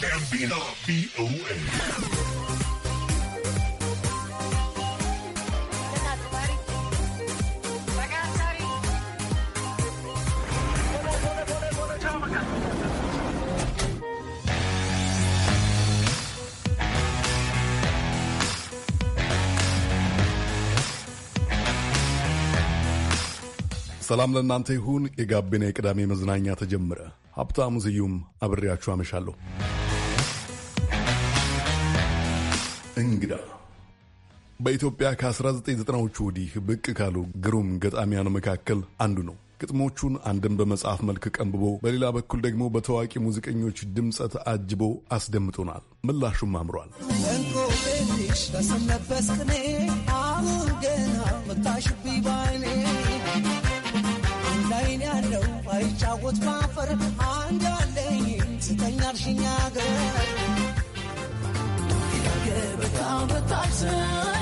ቪኦኤ ሰላም ለእናንተ ይሁን። የጋቢና የቅዳሜ መዝናኛ ተጀመረ። ሀብታሙ ስዩም አብሬያችሁ አመሻለሁ። እንግዳ በኢትዮጵያ ከ1990ዎቹ ወዲህ ብቅ ካሉ ግሩም ገጣሚያን መካከል አንዱ ነው። ግጥሞቹን አንድም በመጽሐፍ መልክ ቀንብቦ በሌላ በኩል ደግሞ በታዋቂ ሙዚቀኞች ድምፀት አጅቦ አስደምጦናል። ምላሹም አምሯል። ያለው አይጫወት ባፈር አንድ አለኝ ስተኛ አርሽኛ ገር Albert Tyson.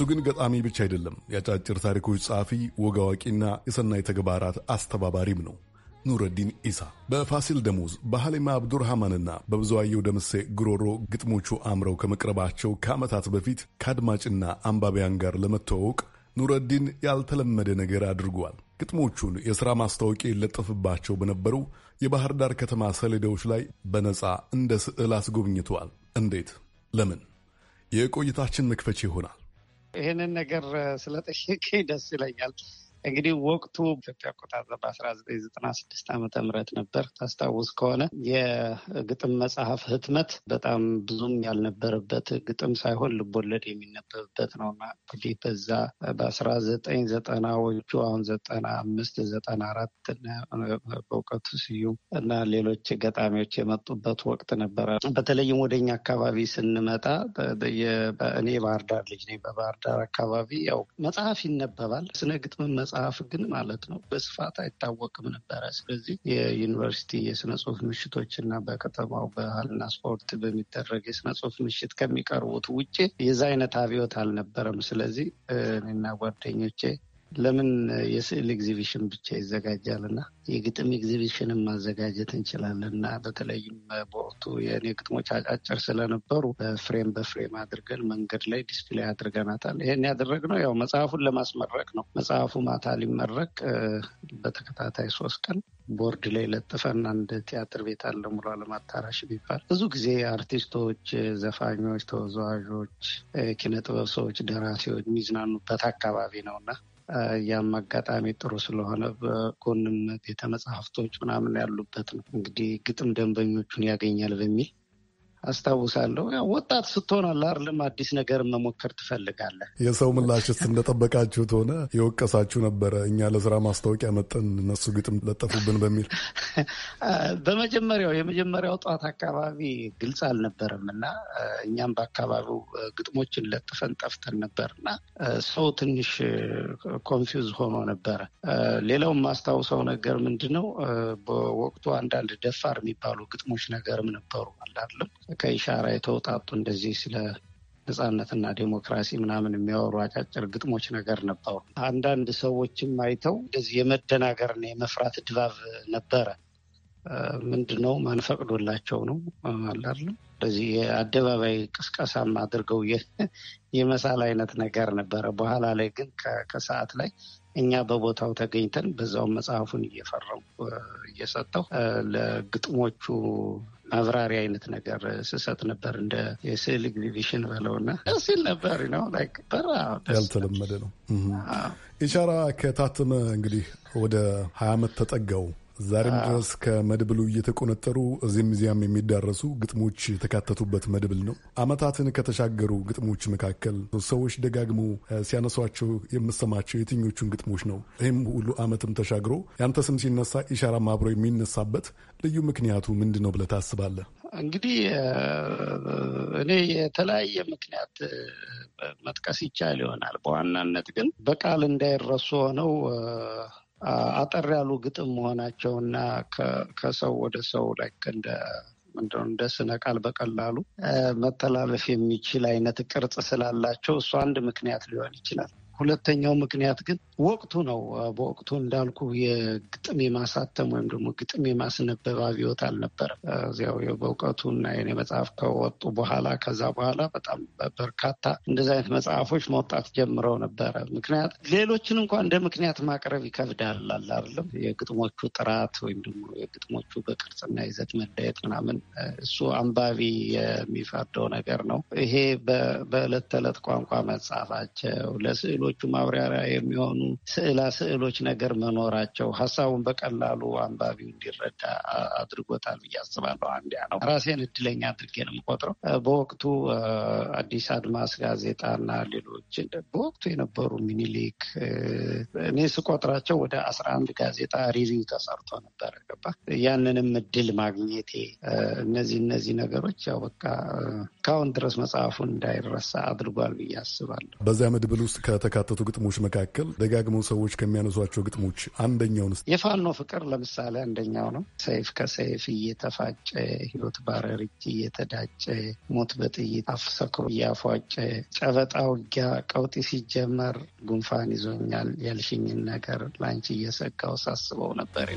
እሱ ግን ገጣሚ ብቻ አይደለም። የአጫጭር ታሪኮች ጸሐፊ፣ ወግ አዋቂና የሰናይ ተግባራት አስተባባሪም ነው። ኑረዲን ኢሳ በፋሲል ደሞዝ በሐሊማ አብዱርሃማንና በብዙአየው ደምሴ ግሮሮ ግጥሞቹ አምረው ከመቅረባቸው ከዓመታት በፊት ከአድማጭና አንባቢያን ጋር ለመተዋወቅ ኑረዲን ያልተለመደ ነገር አድርጓል። ግጥሞቹን የሥራ ማስታወቂያ ይለጠፍባቸው በነበሩ የባህር ዳር ከተማ ሰሌዳዎች ላይ በነፃ እንደ ስዕል አስጎብኝተዋል። እንዴት? ለምን? የቆይታችን መክፈቻ ይሆናል። ይህንን ነገር ስለጠየቀኝ ደስ ይለኛል። እንግዲህ ወቅቱ ኢትዮጵያ አቆጣጠር በአስራ ዘጠኝ ዘጠና ስድስት ዓመተ ምህረት ነበር። ታስታውስ ከሆነ የግጥም መጽሐፍ ህትመት በጣም ብዙም ያልነበረበት ግጥም ሳይሆን ልቦለድ የሚነበብበት ነውና እንግዲህ በዛ በአስራ ዘጠኝ ዘጠናዎቹ አሁን ዘጠና አምስት ዘጠና አራት በእውቀቱ ስዩም እና ሌሎች ገጣሚዎች የመጡበት ወቅት ነበረ። በተለይም ወደኛ አካባቢ ስንመጣ እኔ ባህርዳር ልጅ ነኝ። በባህርዳር አካባቢ ያው መጽሐፍ ይነበባል ስነ ግጥም መጽሐፍ ግን ማለት ነው በስፋት አይታወቅም ነበረ። ስለዚህ የዩኒቨርሲቲ የስነ ጽሁፍ ምሽቶች እና በከተማው ባህልና ስፖርት በሚደረግ የስነ ጽሁፍ ምሽት ከሚቀርቡት ውጭ የዛ አይነት አብዮት አልነበረም። ስለዚህ እኔና ጓደኞቼ ለምን የስዕል ኤግዚቢሽን ብቻ ይዘጋጃል? እና የግጥም ኤግዚቢሽንን ማዘጋጀት እንችላለን እና በተለይም በወቅቱ የእኔ ግጥሞች አጫጭር ስለነበሩ በፍሬም በፍሬም አድርገን መንገድ ላይ ዲስፕሌይ አድርገናታል። ይህን ያደረግነው ያው መጽሐፉን ለማስመረቅ ነው። መጽሐፉ ማታ ሊመረቅ በተከታታይ ሶስት ቀን ቦርድ ላይ ለጥፈን አንድ ቲያትር ቤት አለ ሙሉ ዓለም አዳራሽ የሚባል ብዙ ጊዜ አርቲስቶች፣ ዘፋኞች፣ ተወዛዋዦች፣ ኪነጥበብ ሰዎች፣ ደራሲዎች የሚዝናኑበት አካባቢ ነው እና ያም አጋጣሚ ጥሩ ስለሆነ በጎንም ቤተ መጽሐፍቶች ምናምን ያሉበት ነው። እንግዲህ ግጥም ደንበኞቹን ያገኛል በሚል አስታውሳለሁ። ያው ወጣት ስትሆን አላርልም አዲስ ነገር መሞከር ትፈልጋለህ። የሰው ምላሽስ እንደጠበቃችሁት ሆነ? የወቀሳችሁ ነበረ? እኛ ለስራ ማስታወቂያ መጠን እነሱ ግጥም ለጠፉብን በሚል በመጀመሪያው የመጀመሪያው ጠዋት አካባቢ ግልጽ አልነበረም እና እኛም በአካባቢው ግጥሞችን ለጥፈን ጠፍተን ነበር እና ሰው ትንሽ ኮንፊውዝ ሆኖ ነበረ። ሌላው ማስታውሰው ነገር ምንድነው በወቅቱ አንዳንድ ደፋር የሚባሉ ግጥሞች ነገርም ነበሩ አላለም ከኢሻራ የተወጣጡ እንደዚህ ስለ ነጻነትና ዴሞክራሲ ምናምን የሚያወሩ አጫጭር ግጥሞች ነገር ነበሩ። አንዳንድ ሰዎችም አይተው እንደዚህ የመደናገርና የመፍራት ድባብ ነበረ። ምንድነው ማን ፈቅዶላቸው ነው አላለም። እንደዚህ የአደባባይ ቅስቀሳም አድርገው የመሳል አይነት ነገር ነበረ። በኋላ ላይ ግን ከሰዓት ላይ እኛ በቦታው ተገኝተን በዛው መጽሐፉን እየፈረው እየሰጠው ለግጥሞቹ ማብራሪ አይነት ነገር ስሰጥ ነበር እንደ የስዕል ኤግዚቢሽን በለው ደስ ይል ነበር ነው። ያልተለመደ ነው። ኢሻራ ከታተመ እንግዲህ ወደ ሀያ ዓመት ተጠጋው። ዛሬም ድረስ ከመድብሉ እየተቆነጠሩ እዚህም እዚያም የሚዳረሱ ግጥሞች የተካተቱበት መድብል ነው። ዓመታትን ከተሻገሩ ግጥሞች መካከል ሰዎች ደጋግሞ ሲያነሷቸው የምሰማቸው የትኞቹን ግጥሞች ነው? ይህም ሁሉ ዓመትም ተሻግሮ ያንተ ስም ሲነሳ ኢሻራም አብሮ የሚነሳበት ልዩ ምክንያቱ ምንድን ነው ብለህ ታስባለህ? እንግዲህ እኔ የተለያየ ምክንያት መጥቀስ ይቻል ይሆናል። በዋናነት ግን በቃል እንዳይረሱ ሆነው አጠር ያሉ ግጥም መሆናቸውና ከሰው ወደ ሰው ላይ እንደ ምንድነው እንደ ስነ ቃል በቀላሉ መተላለፍ የሚችል አይነት ቅርጽ ስላላቸው እሱ አንድ ምክንያት ሊሆን ይችላል። ሁለተኛው ምክንያት ግን ወቅቱ ነው። በወቅቱ እንዳልኩ የግጥም የማሳተም ወይም ደግሞ ግጥም የማስነበብ አብዮት አልነበረም። እዚያው በእውቀቱ እና የኔ መጽሐፍ ከወጡ በኋላ ከዛ በኋላ በጣም በርካታ እንደዚህ አይነት መጽሐፎች መውጣት ጀምረው ነበረ። ምክንያት ሌሎችን እንኳን እንደ ምክንያት ማቅረብ ይከብዳል አላለም የግጥሞቹ ጥራት ወይም ደግሞ የግጥሞቹ በቅርጽና ይዘት መለየት ምናምን እሱ አንባቢ የሚፈርደው ነገር ነው። ይሄ በዕለት ተዕለት ቋንቋ መጽሐፋቸው ለስዕሎ ለሌሎቹ ማብራሪያ የሚሆኑ ስዕላ ስዕሎች ነገር መኖራቸው ሀሳቡን በቀላሉ አንባቢው እንዲረዳ አድርጎታል ብዬ አስባለሁ። አንዲያ ነው ራሴን እድለኛ አድርጌ ነው የምቆጥረው። በወቅቱ አዲስ አድማስ ጋዜጣና ሌሎች በወቅቱ የነበሩ ሚኒሊክ እኔ ስቆጥራቸው ወደ አስራ አንድ ጋዜጣ ሪቪው ተሰርቶ ነበር ገባ ያንንም እድል ማግኘቴ እነዚህ እነዚህ ነገሮች ያው በቃ እስካሁን ድረስ መጽሐፉን እንዳይረሳ አድርጓል ብዬ አስባለሁ። በዚያ መድብል ውስጥ ከተካ ከተካተቱ ግጥሞች መካከል ደጋግመው ሰዎች ከሚያነሷቸው ግጥሞች አንደኛውን የፋኖ ፍቅር ለምሳሌ አንደኛው ነው። ሰይፍ ከሰይፍ እየተፋጨ ህይወት ባረርጅ እየተዳጨ ሞት በጥይት አፍሰክሮ እያፏጨ ጨበጣ ውጊያ ቀውጢ ሲጀመር ጉንፋን ይዞኛል ያልሽኝን ነገር ለአንቺ እየሰጋው ሳስበው ነበር።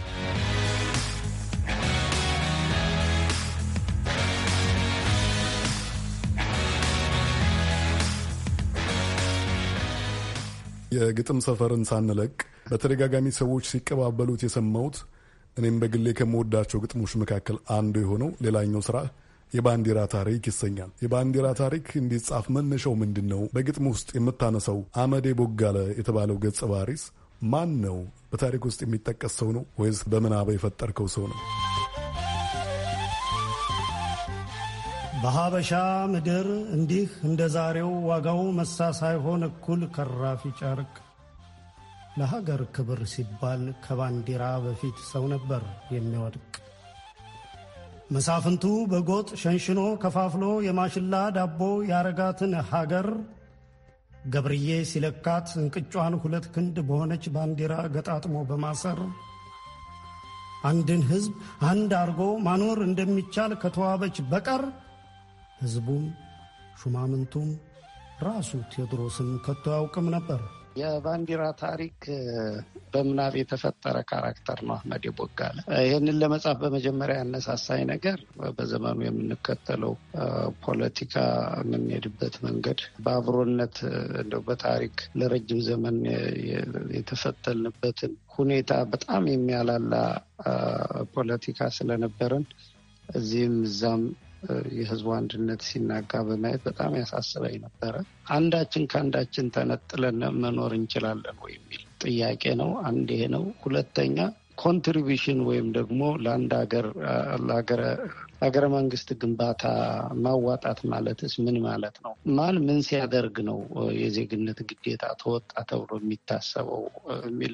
የግጥም ሰፈርን ሳንለቅ በተደጋጋሚ ሰዎች ሲቀባበሉት የሰማሁት እኔም በግሌ ከምወዳቸው ግጥሞች መካከል አንዱ የሆነው ሌላኛው ስራ የባንዲራ ታሪክ ይሰኛል። የባንዲራ ታሪክ እንዲጻፍ መነሻው ምንድን ነው? በግጥም ውስጥ የምታነሳው አመዴ ቦጋለ የተባለው ገጸ ባህሪስ ማን ነው? በታሪክ ውስጥ የሚጠቀስ ሰው ነው ወይስ በምናበ የፈጠርከው ሰው ነው? በሀበሻ ምድር እንዲህ እንደ ዛሬው ዋጋው መሳ ሳይሆን እኩል ከራፊ ጨርቅ ለሀገር ክብር ሲባል ከባንዲራ በፊት ሰው ነበር የሚወድቅ። መሳፍንቱ በጎጥ ሸንሽኖ ከፋፍሎ የማሽላ ዳቦ ያረጋትን ሀገር ገብርዬ ሲለካት እንቅጯን ሁለት ክንድ በሆነች ባንዲራ ገጣጥሞ በማሰር አንድን ሕዝብ አንድ አርጎ ማኖር እንደሚቻል ከተዋበች በቀር ሕዝቡም ሹማምንቱም ራሱ ቴዎድሮስም ከቶ ያውቅም ነበር። የባንዲራ ታሪክ በምናብ የተፈጠረ ካራክተር ነው አህመድ ቦጋለ። ይህንን ለመጻፍ በመጀመሪያ ያነሳሳኝ ነገር በዘመኑ የምንከተለው ፖለቲካ፣ የምንሄድበት መንገድ በአብሮነት እንደው በታሪክ ለረጅም ዘመን የተፈተልንበትን ሁኔታ በጣም የሚያላላ ፖለቲካ ስለነበረን እዚህም እዛም የህዝቡ አንድነት ሲናጋ በማየት በጣም ያሳስበኝ ነበረ። አንዳችን ከአንዳችን ተነጥለን መኖር እንችላለን ወይ የሚል ጥያቄ ነው። አንድ ይሄ ነው። ሁለተኛ ኮንትሪቢሽን ወይም ደግሞ ለአንድ ሀገር ለሀገረ ሀገረ መንግስት ግንባታ ማዋጣት ማለትስ ምን ማለት ነው? ማን ምን ሲያደርግ ነው የዜግነት ግዴታ ተወጣ ተብሎ የሚታሰበው የሚል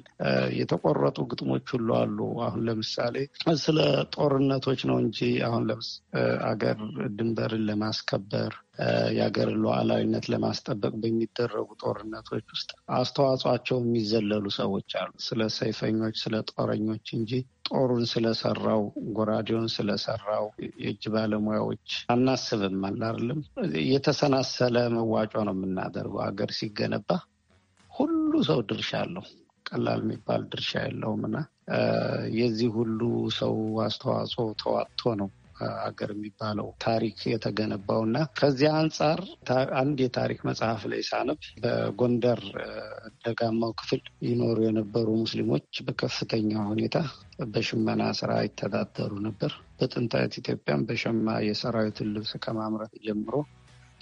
የተቆረጡ ግጥሞች ሁሉ አሉ። አሁን ለምሳሌ ስለ ጦርነቶች ነው እንጂ አሁን አገር ድንበርን ለማስከበር የሀገር ሉዓላዊነት ለማስጠበቅ በሚደረጉ ጦርነቶች ውስጥ አስተዋጽቸው የሚዘለሉ ሰዎች አሉ። ስለ ሰይፈኞች፣ ስለ ጦረኞች እንጂ ጦሩን ስለሰራው፣ ጎራዴውን ስለሰራው የእጅ ባለሙያዎች አናስብም አላርልም። የተሰናሰለ መዋጮ ነው የምናደርገው። ሀገር ሲገነባ ሁሉ ሰው ድርሻ አለው። ቀላል የሚባል ድርሻ የለውም እና የዚህ ሁሉ ሰው አስተዋጽኦ ተዋጥቶ ነው አገር የሚባለው ታሪክ የተገነባው እና ከዚያ አንጻር አንድ የታሪክ መጽሐፍ ላይ ሳነብ በጎንደር ደጋማው ክፍል ይኖሩ የነበሩ ሙስሊሞች በከፍተኛ ሁኔታ በሽመና ስራ ይተዳደሩ ነበር። በጥንታዊት ኢትዮጵያም በሸማ የሰራዊትን ልብስ ከማምረት ጀምሮ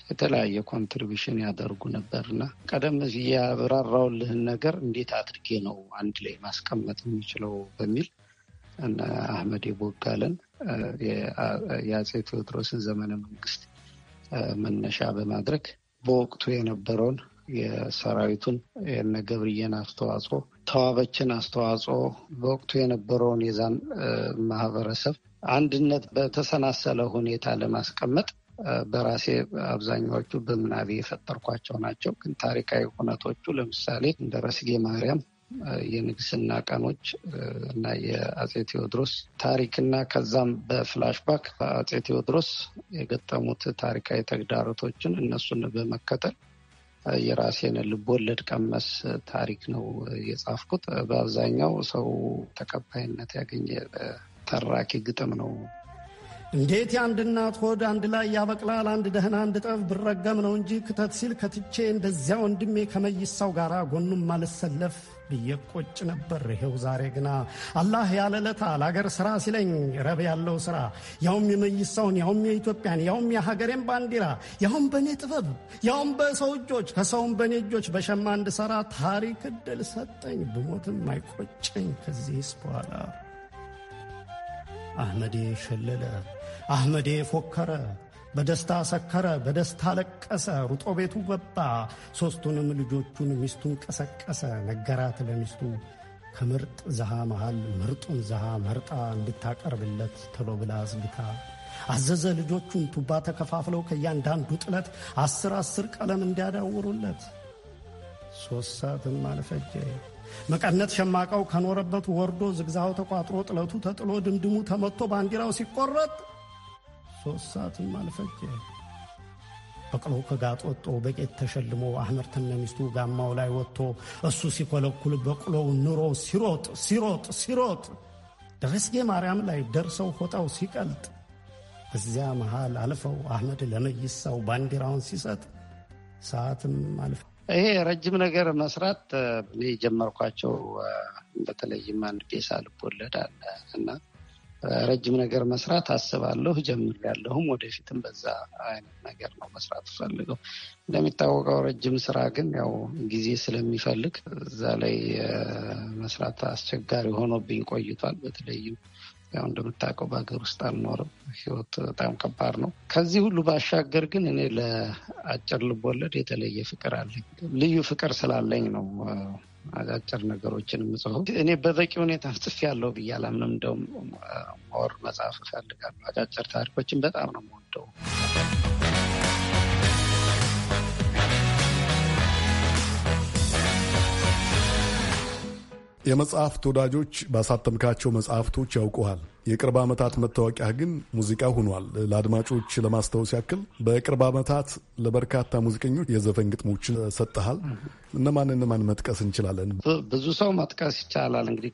የተለያየ ኮንትሪቢሽን ያደርጉ ነበር እና ቀደም ያብራራውልህን ነገር እንዴት አድርጌ ነው አንድ ላይ ማስቀመጥ የሚችለው በሚል እነ አህመድ የቦጋለን የአጼ ቴዎድሮስን ዘመነ መንግስት መነሻ በማድረግ በወቅቱ የነበረውን የሰራዊቱን የነ ገብርዬን አስተዋጽኦ ተዋበችን አስተዋጽኦ በወቅቱ የነበረውን የዛን ማህበረሰብ አንድነት በተሰናሰለ ሁኔታ ለማስቀመጥ በራሴ አብዛኛዎቹ በምናቤ የፈጠርኳቸው ናቸው። ግን ታሪካዊ ሁነቶቹ ለምሳሌ እንደ ረስጌ ማርያም የንግስና ቀኖች እና የአጼ ቴዎድሮስ ታሪክና ከዛም በፍላሽባክ በአጼ ቴዎድሮስ የገጠሙት ታሪካዊ ተግዳሮቶችን እነሱን በመከተል የራሴን ልቦለድ ቀመስ ታሪክ ነው የጻፍኩት። በአብዛኛው ሰው ተቀባይነት ያገኘ ተራኪ ግጥም ነው። እንዴት የአንድ እናት ሆድ አንድ ላይ ያበቅላል፣ አንድ ደህና አንድ ጠብ ብረገም ነው እንጂ ክተት ሲል ከትቼ እንደዚያ ወንድሜ ከመይሳው ጋር ጎኑም አልሰለፍ ብዬ ቆጭ ነበር። ይኸው ዛሬ ግና አላህ ያለ ዕለታ ለአገር ስራ ሲለኝ ረብ ያለው ስራ ያውም የመይሳውን ያውም የኢትዮጵያን ያውም የሀገሬን ባንዲራ ያውም በእኔ ጥበብ ያውም በሰው እጆች ከሰውም በእኔ እጆች በሸማ እንድሠራ ታሪክ እድል ሰጠኝ። ብሞትም አይቆጨኝ ከዚህስ በኋላ። አህመዴ ሸለለ፣ አህመዴ ፎከረ በደስታ ሰከረ፣ በደስታ ለቀሰ፣ ሩጦ ቤቱ ወጣ። ሦስቱንም ልጆቹን ሚስቱን ቀሰቀሰ፣ ነገራት ለሚስቱ ከምርጥ ዘሃ መሃል ምርጡን ዘሃ መርጣ እንድታቀርብለት ቶሎ ብላ አዝግታ አዘዘ። ልጆቹን ቱባ ተከፋፍለው ከእያንዳንዱ ጥለት አስር አስር ቀለም እንዲያዳውሩለት ሦስት ሰዓትም አልፈጀ። መቀነት ሸማቀው ከኖረበት ወርዶ ዝግዛው ተቋጥሮ ጥለቱ ተጥሎ ድምድሙ ተመቶ ባንዲራው ሲቆረጥ ሶስት ሰዓትም አልፈጀ። በቅሎ ከጋጥ ወጦ በቄት ተሸልሞ አህመር ተነሚስቱ ጋማው ላይ ወጥቶ እሱ ሲኮለኩል በቅሎው ኑሮ ሲሮጥ ሲሮጥ ሲሮጥ ደረስጌ ማርያም ላይ ደርሰው ፎጣው ሲቀልጥ እዚያ መሃል አልፈው አህመድ ለመይሳው ባንዲራውን ሲሰጥ ሰዓትም አልፈ ይሄ ረጅም ነገር መስራት የጀመርኳቸው በተለይም አንድ ቤሳ ልቦለድ አለ እና ረጅም ነገር መስራት አስባለሁ፣ ጀምር ያለሁም ወደፊትም በዛ አይነት ነገር ነው መስራት ፈልገው። እንደሚታወቀው ረጅም ስራ ግን ያው ጊዜ ስለሚፈልግ እዛ ላይ መስራት አስቸጋሪ ሆኖብኝ ቆይቷል። በተለይም ያው እንደምታውቀው በሀገር ውስጥ አልኖርም። ህይወት በጣም ከባድ ነው። ከዚህ ሁሉ ባሻገር ግን እኔ ለአጭር ልቦለድ የተለየ ፍቅር አለኝ። ልዩ ፍቅር ስላለኝ ነው አጫጭር ነገሮችን ምጽፈው እኔ በበቂ ሁኔታ ጽፍ ያለው ብዬ አላምንም። እንደውም ሞር መጽሐፍ እፈልጋለሁ። አጫጭር ታሪኮችን በጣም ነው የምወደው። የመጽሐፍት ወዳጆች ባሳተምካቸው መጽሐፍቶች ያውቁሃል። የቅርብ ዓመታት መታወቂያ ግን ሙዚቃ ሆኗል። ለአድማጮች ለማስታወስ ያክል በቅርብ ዓመታት ለበርካታ ሙዚቀኞች የዘፈን ግጥሞች ሰጥተሃል። እነማን እነማን መጥቀስ እንችላለን? ብዙ ሰው መጥቀስ ይቻላል። እንግዲህ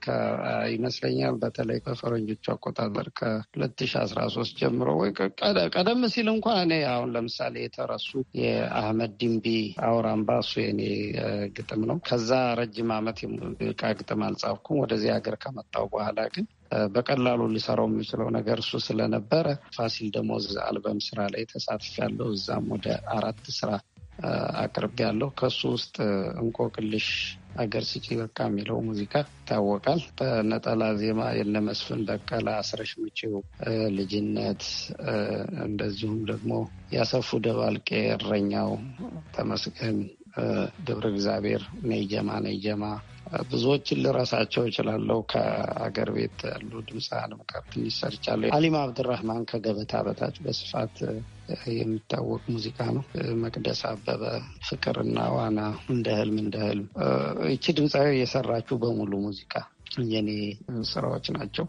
ይመስለኛል በተለይ በፈረንጆቹ አቆጣጠር ከ2013 ጀምሮ ወይ ቀደም ሲል እንኳን እኔ አሁን ለምሳሌ የተረሱ የአህመድ ድንቢ አውራምባ እሱ የኔ ግጥም ነው። ከዛ ረጅም ዓመት ቃ ግጥም አልጻፍኩም። ወደዚህ ሀገር ከመጣው በኋላ ግን በቀላሉ ሊሰራው የሚችለው ነገር እሱ ስለነበረ ፋሲል ደሞዝ አልበም ስራ ላይ ተሳትፍ ያለው እዛም ወደ አራት ስራ አቅርብ ያለው ከሱ ውስጥ እንቆቅልሽ አገር ስጪ በቃ የሚለው ሙዚቃ ይታወቃል። በነጠላ ዜማ የነመስፍን በቀለ፣ አስረሽ ምጪው፣ ልጅነት እንደዚሁም ደግሞ ያሰፉ ደባልቄ፣ እረኛው ተመስገን ደብረ እግዚአብሔር፣ ነይጀማ ነይጀማ ብዙዎችን ልረሳቸው እችላለሁ። ከአገር ቤት ያሉ ድምፃውያን ትንሽ ይሰርቻለሁ። አሊም አብድራህማን ከገበታ በታች በስፋት የሚታወቅ ሙዚቃ ነው። መቅደስ አበበ ፍቅርና ዋና፣ እንደ ህልም እንደ ህልም ይቺ ድምፃዊ የሰራችው በሙሉ ሙዚቃ የኔ ስራዎች ናቸው።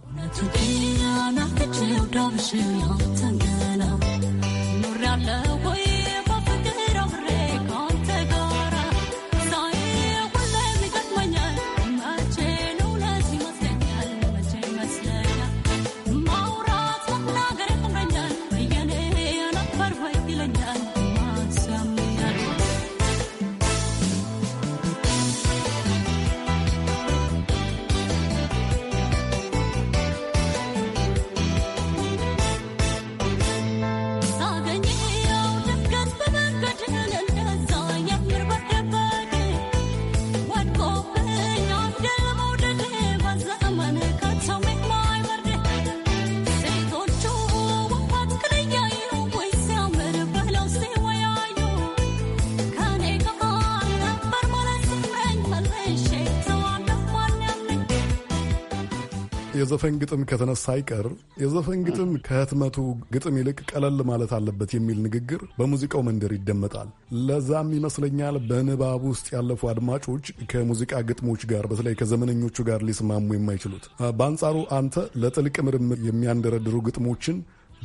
የዘፈን ግጥም ከተነሳ አይቀር የዘፈን ግጥም ከህትመቱ ግጥም ይልቅ ቀለል ማለት አለበት የሚል ንግግር በሙዚቃው መንደር ይደመጣል። ለዛም ይመስለኛል በንባብ ውስጥ ያለፉ አድማጮች ከሙዚቃ ግጥሞች ጋር በተለይ ከዘመነኞቹ ጋር ሊስማሙ የማይችሉት። በአንጻሩ አንተ ለጥልቅ ምርምር የሚያንደረድሩ ግጥሞችን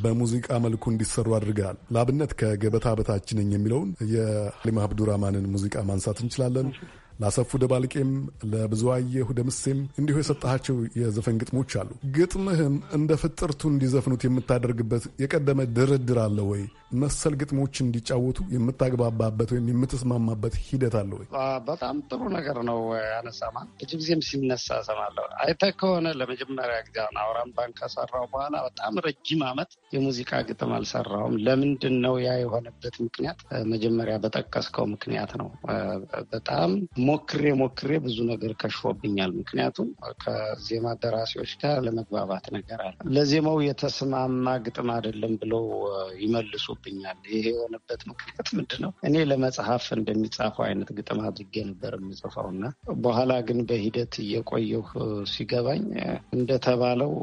በሙዚቃ መልኩ እንዲሰሩ አድርገሃል። ለአብነት ከገበታ በታች የሚለውን የሀሊማ አብዱራማንን ሙዚቃ ማንሳት እንችላለን። ለአሰፉ ደባልቄም አየሁ ደምሴም እንዲሁ የሰጠሃቸው የዘፈን ግጥሞች አሉ። ግጥምህን እንደ ፍጥርቱ እንዲዘፍኑት የምታደርግበት የቀደመ ድርድር አለ ወይ? መሰል ግጥሞች እንዲጫወቱ የምታግባባበት ወይም የምትስማማበት ሂደት አለ ወይ? በጣም ጥሩ ነገር ነው ያነሳማ። ብዙ ጊዜም ሲነሳ ሰማለሁ። አይተህ ከሆነ ለመጀመሪያ ጊዜ አውራን ባንክ ከሰራው በኋላ በጣም ረጅም ዓመት የሙዚቃ ግጥም አልሰራውም። ለምንድን ነው ያ የሆነበት ምክንያት? መጀመሪያ በጠቀስከው ምክንያት ነው። በጣም ሞክሬ ሞክሬ ብዙ ነገር ከሽፎብኛል። ምክንያቱም ከዜማ ደራሲዎች ጋር ለመግባባት ነገር አለ። ለዜማው የተስማማ ግጥም አይደለም ብለው ይመልሱ ይኖርብኛል። ይሄ የሆነበት ምክንያት ምንድን ነው? እኔ ለመጽሐፍ እንደሚጻፈው አይነት ግጥም አድርጌ ነበር የምጽፈው እና በኋላ ግን በሂደት እየቆየሁ ሲገባኝ እንደተባለው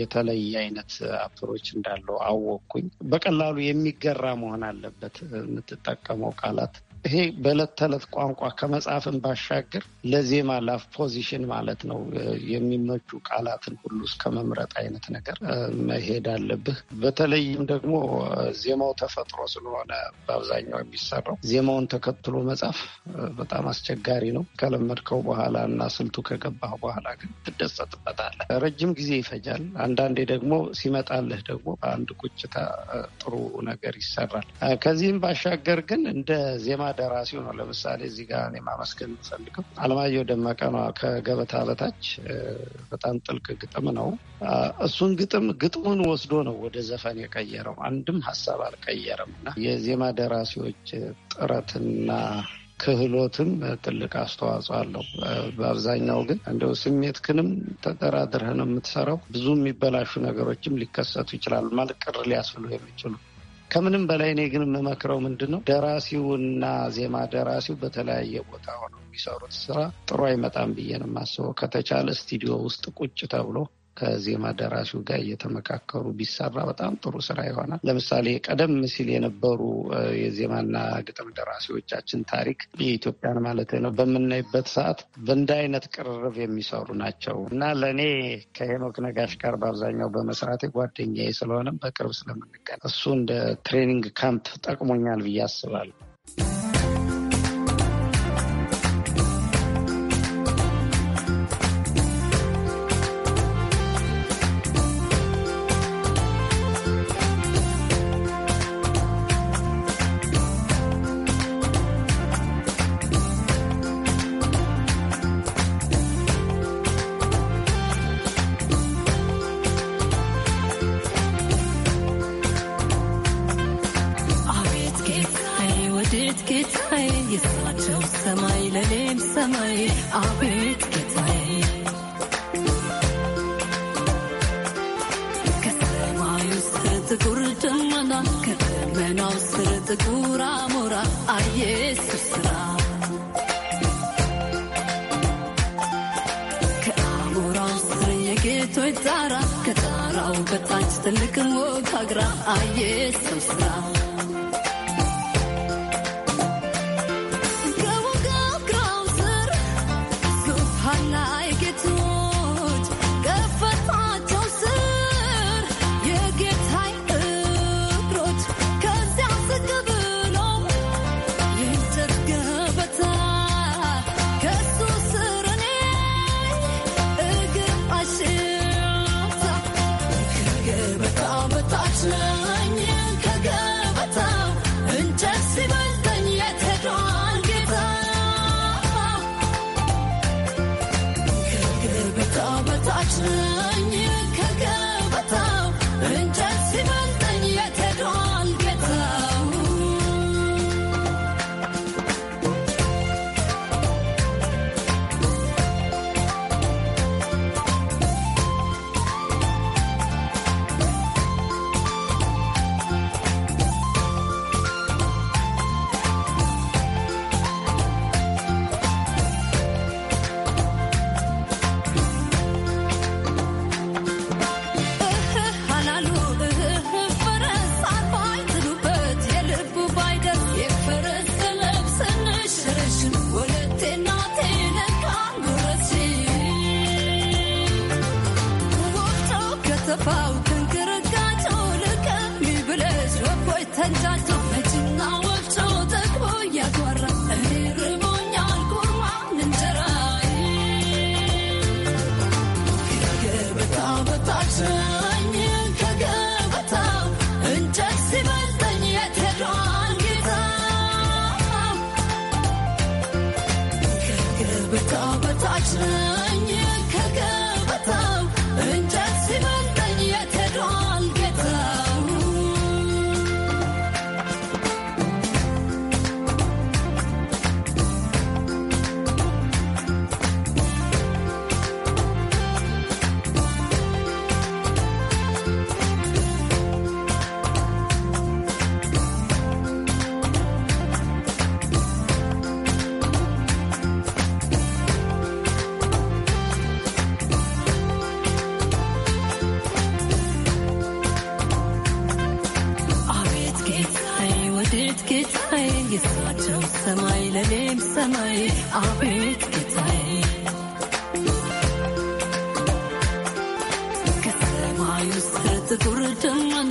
የተለየ አይነት አፕሮች እንዳለው አወቅኩኝ። በቀላሉ የሚገራ መሆን አለበት የምትጠቀመው ቃላት ይሄ በዕለት ተዕለት ቋንቋ ከመጽሐፍን ባሻገር ለዜማ ፖዚሽን ማለት ነው የሚመቹ ቃላትን ሁሉ እስከ መምረጥ አይነት ነገር መሄድ አለብህ። በተለይም ደግሞ ዜማው ተፈጥሮ ስለሆነ በአብዛኛው የሚሰራው ዜማውን ተከትሎ መጻፍ በጣም አስቸጋሪ ነው። ከለመድከው በኋላ እና ስልቱ ከገባህ በኋላ ግን ትደሰጥበታለህ። ረጅም ጊዜ ይፈጃል። አንዳንዴ ደግሞ ሲመጣልህ ደግሞ አንድ ቁጭታ ጥሩ ነገር ይሰራል። ከዚህም ባሻገር ግን እንደ ዜማ ደራሲው ነው። ለምሳሌ እዚህ ጋር እኔ ማመስገን የምፈልገው አለማየሁ ደመቀ ነው። ከገበታ በታች በጣም ጥልቅ ግጥም ነው። እሱን ግጥም ግጥሙን ወስዶ ነው ወደ ዘፈን የቀየረው። አንድም ሀሳብ አልቀየረም እና የዜማ ደራሲዎች ጥረትና ክህሎትም ትልቅ አስተዋጽኦ አለው። በአብዛኛው ግን እንደው ስሜት ክንም ተደራድረህ ነው የምትሰራው። ብዙ የሚበላሹ ነገሮችም ሊከሰቱ ይችላሉ ማለት ቅር ሊያስብሉ የሚችሉ ከምንም በላይ እኔ ግን የምመክረው ምንድን ነው ደራሲው እና ዜማ ደራሲው በተለያየ ቦታ ሆነው የሚሰሩት ስራ ጥሩ አይመጣም ብዬ ነው የማስበው። ከተቻለ ስቱዲዮ ውስጥ ቁጭ ተብሎ ከዜማ ደራሹ ጋር እየተመካከሩ ቢሰራ በጣም ጥሩ ስራ ይሆናል። ለምሳሌ ቀደም ሲል የነበሩ የዜማና ግጥም ደራሲዎቻችን ታሪክ የኢትዮጵያን ማለት ነው በምናይበት ሰዓት በእንደ አይነት ቅርርብ የሚሰሩ ናቸው እና ለእኔ ከሄኖክ ነጋሽ ጋር በአብዛኛው በመስራቴ ጓደኛዬ ስለሆነ በቅርብ ስለምንገናኝ እሱ እንደ ትሬኒንግ ካምፕ ጠቅሞኛል ብዬ አስባለሁ። ትልቅን ወግ አግራ አየ ሰው ስራ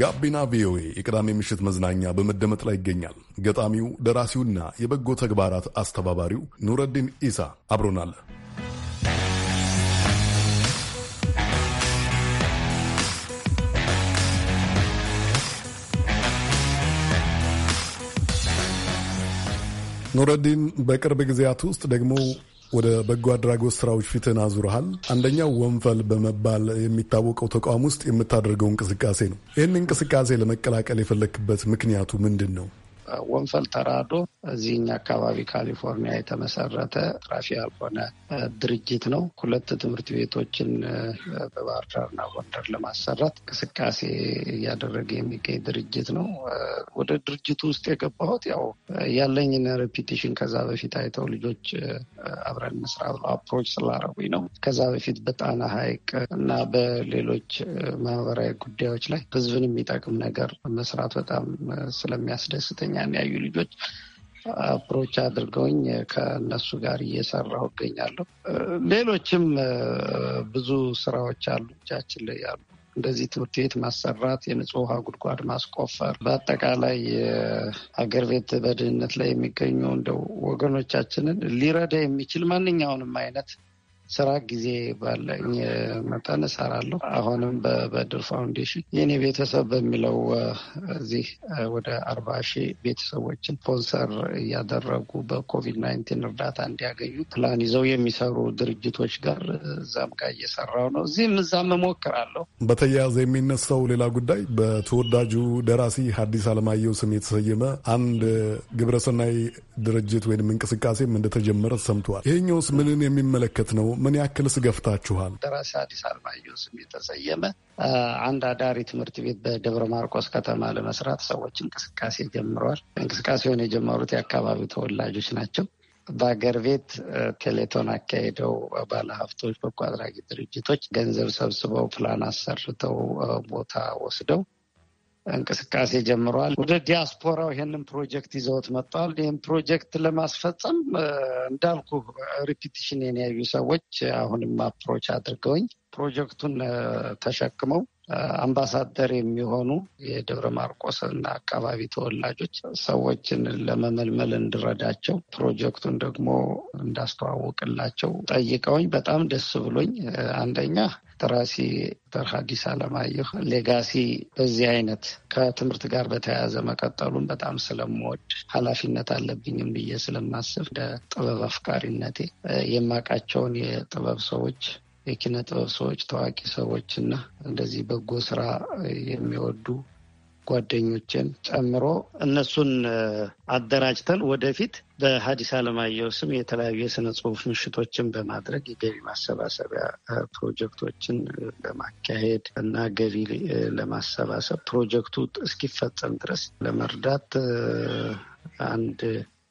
ጋቢና ቪኦኤ የቅዳሜ ምሽት መዝናኛ በመደመጥ ላይ ይገኛል። ገጣሚው ደራሲውና የበጎ ተግባራት አስተባባሪው ኑረዲን ኢሳ አብሮናል። ኑረዲን፣ በቅርብ ጊዜያት ውስጥ ደግሞ ወደ በጎ አድራጎት ስራዎች ፊትን አዙረሃል። አንደኛው ወንፈል በመባል የሚታወቀው ተቋም ውስጥ የምታደርገው እንቅስቃሴ ነው። ይህን እንቅስቃሴ ለመቀላቀል የፈለክበት ምክንያቱ ምንድን ነው? ወንፈል ተራዶ እዚህኛ አካባቢ ካሊፎርኒያ የተመሰረተ ራፊ ያልሆነ ድርጅት ነው። ሁለት ትምህርት ቤቶችን በባህር ዳርና ጎንደር ለማሰራት እንቅስቃሴ እያደረገ የሚገኝ ድርጅት ነው። ወደ ድርጅቱ ውስጥ የገባሁት ያው ያለኝን ሬፒቴሽን ከዛ በፊት አይተው ልጆች አብረን እንስራ አፕሮች ስላረጉኝ ነው። ከዛ በፊት በጣና ሐይቅ እና በሌሎች ማህበራዊ ጉዳዮች ላይ ህዝብን የሚጠቅም ነገር መስራት በጣም ስለሚያስደስተኝ እኛን ያዩ ልጆች አፕሮች አድርገውኝ ከእነሱ ጋር እየሰራሁ እገኛለሁ። ሌሎችም ብዙ ስራዎች አሉ እጃችን ላይ ያሉ እንደዚህ ትምህርት ቤት ማሰራት፣ የንጹህ ውሃ ጉድጓድ ማስቆፈር፣ በአጠቃላይ ሀገር ቤት በድህነት ላይ የሚገኙ እንደ ወገኖቻችንን ሊረዳ የሚችል ማንኛውንም አይነት ስራ ጊዜ ባለኝ መጠን እሰራለሁ። አሁንም በበድር ፋውንዴሽን የኔ ቤተሰብ በሚለው እዚህ ወደ አርባ ሺህ ቤተሰቦችን ስፖንሰር እያደረጉ በኮቪድ ናይንቲን እርዳታ እንዲያገኙ ፕላን ይዘው የሚሰሩ ድርጅቶች ጋር እዛም ጋር እየሰራው ነው። እዚህም እዛም እሞክራለሁ። በተያያዘ የሚነሳው ሌላ ጉዳይ በተወዳጁ ደራሲ ሐዲስ ዓለማየሁ ስም የተሰየመ አንድ ግብረሰናይ ድርጅት ወይም እንቅስቃሴም እንደተጀመረ ሰምተዋል። ይሄኛውስ ምንን የሚመለከት ነው? ምን ያክልስ ገፍታችኋል ደራሲ አዲስ አለማየሁ ስም የተሰየመ አንድ አዳሪ ትምህርት ቤት በደብረ ማርቆስ ከተማ ለመስራት ሰዎች እንቅስቃሴ ጀምረዋል። እንቅስቃሴውን የጀመሩት የአካባቢው ተወላጆች ናቸው። በሀገር ቤት ቴሌቶን አካሄደው ባለሀብቶች፣ በጎ አድራጊ ድርጅቶች ገንዘብ ሰብስበው ፕላን አሰርተው ቦታ ወስደው እንቅስቃሴ ጀምረዋል። ወደ ዲያስፖራው ይህንን ፕሮጀክት ይዘውት መጥተዋል። ይህን ፕሮጀክት ለማስፈጸም እንዳልኩ ሪፒቲሽን የያዩ ሰዎች አሁንም አፕሮች አድርገውኝ ፕሮጀክቱን ተሸክመው አምባሳደር የሚሆኑ የደብረ ማርቆስ አካባቢ ተወላጆች ሰዎችን ለመመልመል እንድረዳቸው ፕሮጀክቱን ደግሞ እንዳስተዋውቅላቸው ጠይቀውኝ በጣም ደስ ብሎኝ አንደኛ ደራሲ ሀዲስ አለማየሁ ሌጋሲ በዚህ አይነት ከትምህርት ጋር በተያያዘ መቀጠሉን በጣም ስለምወድ ኃላፊነት አለብኝም ብዬ ስለማስብ እንደ ጥበብ አፍቃሪነቴ የማቃቸውን የጥበብ ሰዎች የኪነ ጥበብ ሰዎች፣ ታዋቂ ሰዎች እና እንደዚህ በጎ ስራ የሚወዱ ጓደኞችን ጨምሮ እነሱን አደራጅተን ወደፊት በሀዲስ አለማየሁ ስም የተለያዩ የስነ ጽሁፍ ምሽቶችን በማድረግ የገቢ ማሰባሰቢያ ፕሮጀክቶችን ለማካሄድ እና ገቢ ለማሰባሰብ ፕሮጀክቱ እስኪፈጸም ድረስ ለመርዳት አንድ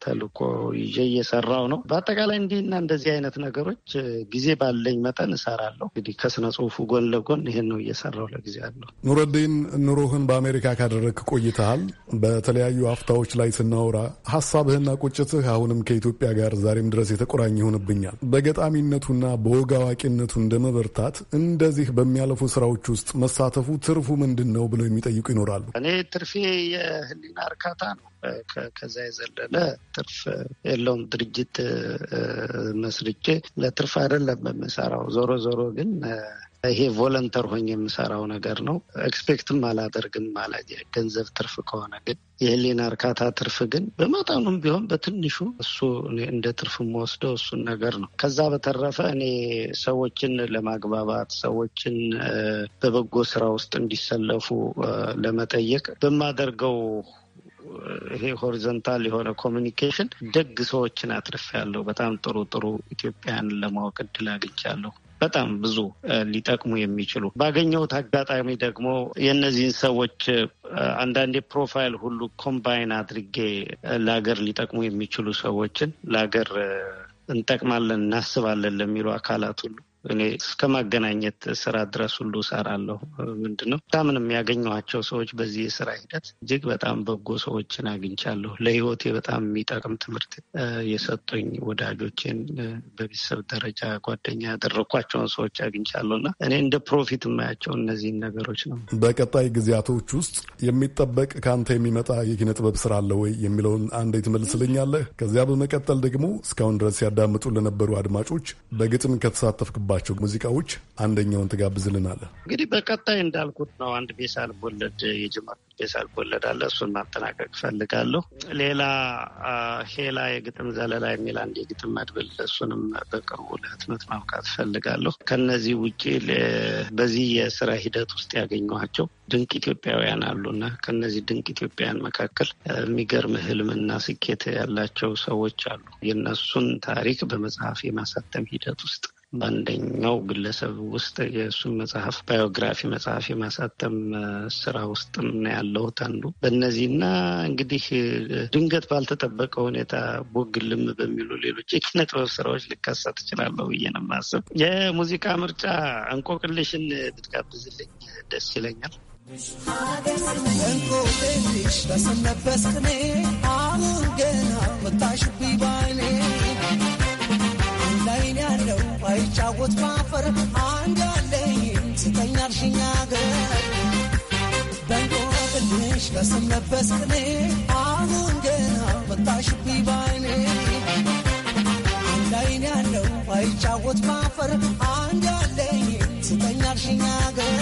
ተልእኮ ይዤ እየሰራው ነው። በአጠቃላይ እንዲህና እንደዚህ አይነት ነገሮች ጊዜ ባለኝ መጠን እሰራለሁ። እንግዲህ ከስነ ጽሁፉ ጎን ለጎን ይህን ነው እየሰራው ለጊዜ አለሁ። ኑረዲን፣ ኑሮህን በአሜሪካ ካደረግክ ቆይተሃል። በተለያዩ አፍታዎች ላይ ስናወራ ሀሳብህና ቁጭትህ አሁንም ከኢትዮጵያ ጋር ዛሬም ድረስ የተቆራኝ ይሆንብኛል። በገጣሚነቱና በወግ አዋቂነቱ እንደመበርታት እንደዚህ በሚያለፉ ስራዎች ውስጥ መሳተፉ ትርፉ ምንድን ነው ብለው የሚጠይቁ ይኖራሉ። እኔ ትርፌ የህሊና እርካታ ነው። ከዛ የዘለለ ትርፍ የለውም። ድርጅት መስርቼ ለትርፍ አይደለም የምሰራው። ዞሮ ዞሮ ግን ይሄ ቮለንተር ሆኝ የምሰራው ነገር ነው። ኤክስፔክትም አላደርግም ማለት ገንዘብ ትርፍ ከሆነ ግን የህሊና እርካታ ትርፍ ግን በመጠኑም ቢሆን በትንሹ እሱ እንደ ትርፍ የምወስደው እሱን ነገር ነው። ከዛ በተረፈ እኔ ሰዎችን ለማግባባት ሰዎችን በበጎ ስራ ውስጥ እንዲሰለፉ ለመጠየቅ በማደርገው ይሄ ሆሪዘንታል የሆነ ኮሚኒኬሽን ደግ ሰዎችን አትርፌያለሁ። በጣም ጥሩ ጥሩ ኢትዮጵያን ለማወቅ እድል አግኝቻለሁ። በጣም ብዙ ሊጠቅሙ የሚችሉ ባገኘሁት አጋጣሚ ደግሞ የእነዚህን ሰዎች አንዳንዴ ፕሮፋይል ሁሉ ኮምባይን አድርጌ ለሀገር ሊጠቅሙ የሚችሉ ሰዎችን ለሀገር እንጠቅማለን እናስባለን ለሚሉ አካላት ሁሉ እኔ እስከ ማገናኘት ስራ ድረስ ሁሉ እሰራለሁ። ምንድን ነው በጣምን የሚያገኘኋቸው ሰዎች በዚህ የስራ ሂደት እጅግ በጣም በጎ ሰዎችን አግኝቻለሁ። ለህይወቴ በጣም የሚጠቅም ትምህርት የሰጡኝ ወዳጆችን፣ በቤተሰብ ደረጃ ጓደኛ ያደረኳቸውን ሰዎች አግኝቻለሁ እና እኔ እንደ ፕሮፊት የማያቸው እነዚህን ነገሮች ነው። በቀጣይ ጊዜያቶች ውስጥ የሚጠበቅ ከአንተ የሚመጣ የኪነ ጥበብ ስራ አለ ወይ የሚለውን አንዴ ትመልስልኛለህ። ከዚያ በመቀጠል ደግሞ እስካሁን ድረስ ሲያዳምጡ ለነበሩ አድማጮች በግጥም ከተሳተፍክባ ከሚሰራባቸው ሙዚቃዎች አንደኛውን ትጋብዝልናለ? እንግዲህ በቀጣይ እንዳልኩት ነው አንድ ቤሳ ልቦለድ የጀመር ቤሳ ልቦለድ አለ። እሱን ማጠናቀቅ ፈልጋለሁ። ሌላ ሄላ የግጥም ዘለላ የሚል አንድ የግጥም መድብል፣ እሱንም በቅርቡ ለህትመት ማብቃት ፈልጋለሁ ከነዚህ ውጭ በዚህ የስራ ሂደት ውስጥ ያገኘኋቸው ድንቅ ኢትዮጵያውያን አሉና ከነዚህ ድንቅ ኢትዮጵያውያን መካከል የሚገርም ህልምና ስኬት ያላቸው ሰዎች አሉ። የእነሱን ታሪክ በመጽሐፍ የማሳተም ሂደት ውስጥ በአንደኛው ግለሰብ ውስጥ የእሱን መጽሐፍ ባዮግራፊ መጽሐፍ የማሳተም ስራ ውስጥ ነው ያለሁት አንዱ በእነዚህና እንግዲህ ድንገት ባልተጠበቀ ሁኔታ ቦግልም በሚሉ ሌሎች የኪነ ጥበብ ስራዎች ልካሳት እችላለሁ ብዬ ነው የማስብ። የሙዚቃ ምርጫ እንቆቅልሽን ብትጋብዝልኝ ደስ ይለኛል። እንቆቅልሽ ተሰነበስክኔ አሁን ገና መታሽቢ ስጫወት ባፈር አንዳለይም ስተኛል ሽኛገር በንጎ ትንሽ ለስም ለበስ አሁን ገና መጣሽቢ ባይኔ አንዳይን ያለው አይጫወት ባፈር አንዳለይም ስተኛል ሽኛገር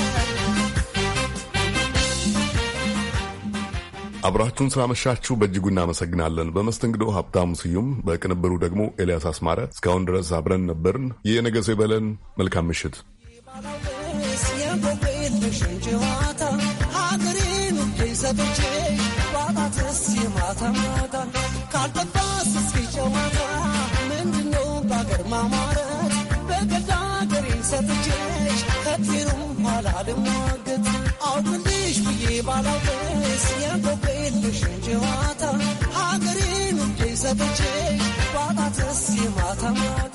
አብራችሁን ስላመሻችሁ በእጅጉ እናመሰግናለን። በመስተንግዶ ሀብታሙ ስዩም፣ በቅንብሩ ደግሞ ኤልያስ አስማረ። እስካሁን ድረስ አብረን ነበርን። የነገ ሰው ይበለን። መልካም ምሽት። I'm ጨዋታ ሀገሬን